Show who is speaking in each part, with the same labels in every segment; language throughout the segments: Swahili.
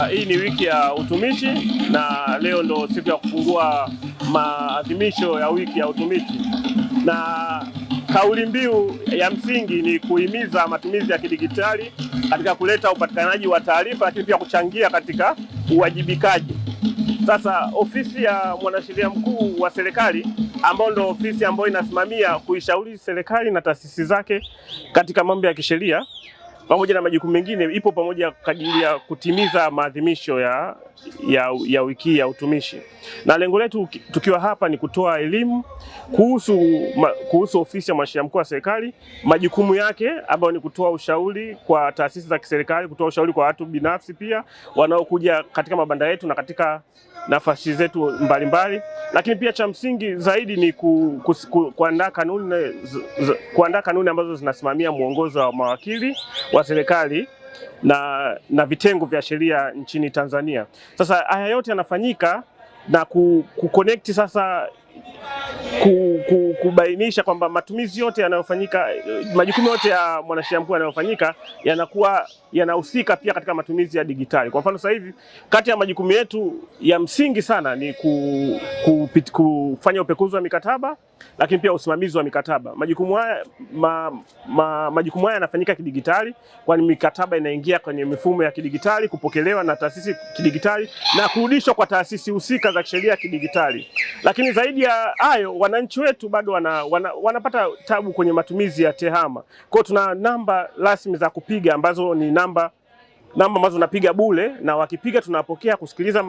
Speaker 1: Ah, hii ni wiki ya utumishi na leo ndo siku ya kufungua maadhimisho ya wiki ya utumishi, na kauli mbiu ya msingi ni kuhimiza matumizi ya kidigitali katika kuleta upatikanaji wa taarifa, lakini pia kuchangia katika uwajibikaji. Sasa ofisi ya mwanasheria mkuu wa serikali ambayo ndo ofisi ambayo inasimamia kuishauri serikali na taasisi zake katika mambo ya kisheria pamoja na majukumu mengine ipo pamoja ajili ya kutimiza maadhimisho ya, ya, ya wiki ya utumishi, na lengo letu tukiwa hapa ni kutoa elimu kuhusu, ma, kuhusu ofisi ya mwanasheria mkuu wa serikali, majukumu yake ambayo ni kutoa ushauri kwa taasisi za kiserikali, kutoa ushauri kwa watu binafsi pia wanaokuja katika mabanda yetu na katika nafasi zetu mbalimbali mbali. Lakini pia cha msingi zaidi ni ku, ku, ku, kuandaa kanuni, kuandaa kanuni ambazo zinasimamia mwongozo wa mawakili wa serikali na, na vitengo vya sheria nchini Tanzania. Sasa haya yote yanafanyika na kuconnect sasa kubainisha kwamba matumizi yote yanayofanyika, majukumu yote ya mwanasheria mkuu yanayofanyika yanakuwa yanahusika pia katika matumizi ya digitali. Kwa mfano, sasa hivi kati ya majukumu yetu ya msingi sana ni ku, ku, kufanya upekuzi wa mikataba lakini pia usimamizi wa mikataba. Majukumu haya ma, ma, majukumu haya yanafanyika kidigitali, kwani mikataba inaingia kwenye mifumo ya kidigitali, kupokelewa na taasisi kidigitali na kurudishwa kwa taasisi husika za kisheria kidigitali. Lakini zaidi ya hayo, wananchi wetu bado wana, wana, wanapata tabu kwenye matumizi ya TEHAMA. Kwa hiyo tuna namba rasmi za kupiga ambazo ni namba namba ambazo tunapiga bure, na wakipiga tunapokea kusikiliza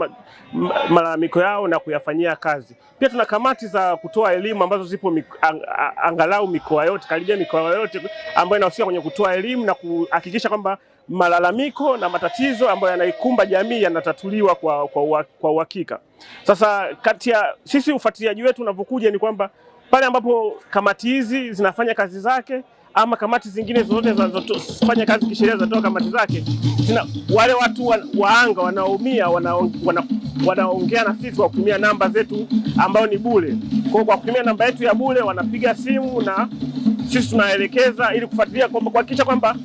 Speaker 1: malalamiko yao na kuyafanyia kazi. Pia tuna kamati za kutoa elimu ambazo zipo miko, ang, angalau mikoa yote karibia mikoa yote ambayo inahusika kwenye kutoa elimu na kuhakikisha kwamba malalamiko na matatizo ambayo yanaikumba jamii yanatatuliwa kwa, kwa, kwa uhakika. Sasa kati ya sisi ufuatiliaji wetu unavyokuja ni kwamba pale ambapo kamati hizi zinafanya kazi zake ama kamati zingine zote zinazofanya kazi kisheria zinatoa kamati zake zina, wale watu wa, waanga wanaumia wanaongea wana, wana na sisi kwa kutumia namba zetu ambayo ni bure. Kwa kwa kutumia namba yetu ya bure wanapiga simu na sisi tunaelekeza ili kufuatilia kwamba kuhakikisha kwamba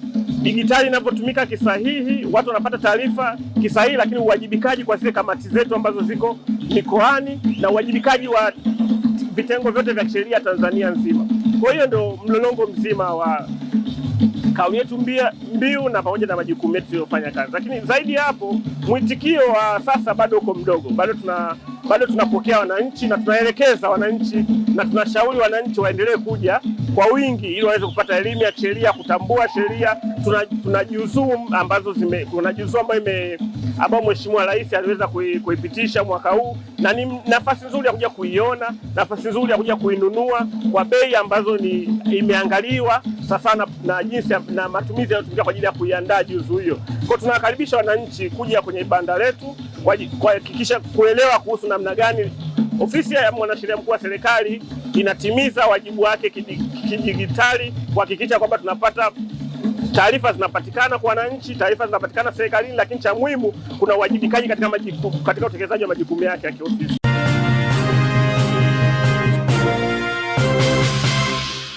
Speaker 1: digitali inavyotumika kisahihi, watu wanapata taarifa kisahihi, lakini uwajibikaji kwa zile kamati zetu ambazo ziko mikoani na uwajibikaji wa vitengo vyote vya kisheria Tanzania nzima. Kwa hiyo ndo mlolongo mzima wa kauli yetu mbiu na pamoja na majukumu yetu tuliyofanya kazi, lakini zaidi ya hapo mwitikio wa sasa bado uko mdogo, bado tuna bado tunapokea wananchi na tunaelekeza wananchi na tunashauri wananchi waendelee kuja kwa wingi ili waweze kupata elimu ya sheria, kutambua sheria. Tuna, tuna juzuu ambazo zime, kuna juzuu ambayo ime ambayo Mheshimiwa Rais aliweza kuipitisha mwaka huu, na ni nafasi nzuri ya kuja kuiona, nafasi nzuri ya kuja kuinunua kwa bei ambazo ni imeangaliwa sasa na jinsi na matumizi yanayotumika kwa ajili ya kuiandaa juzu hiyo. Kwa tunawakaribisha wananchi kuja kwenye banda letu kuhakikisha kuelewa kuhusu namna gani ofisi ya mwanasheria mkuu wa serikali inatimiza wajibu wake kidijitali kuhakikisha kwamba tunapata taarifa zinapatikana kwa wananchi, taarifa zinapatikana serikalini, lakini cha muhimu kuna uwajibikaji katika, katika utekelezaji wa majukumu yake ya kiofisi.